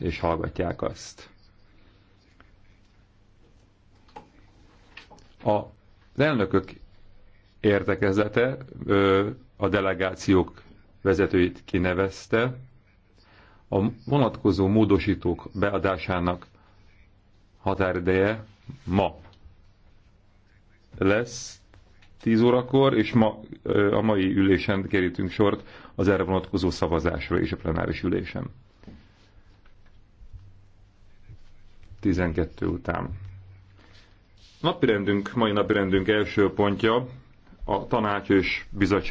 és hallgatják azt. A, az elnökök értekezete a delegációk vezetőit kinevezte, a vonatkozó módosítók beadásának határideje ma lesz 10 órakor, és ma, a mai ülésen kerítünk sort az erre vonatkozó szavazásra és a plenáris ülésen. 12 után. Napirendünk, mai napirendünk első pontja a tanács és bizottság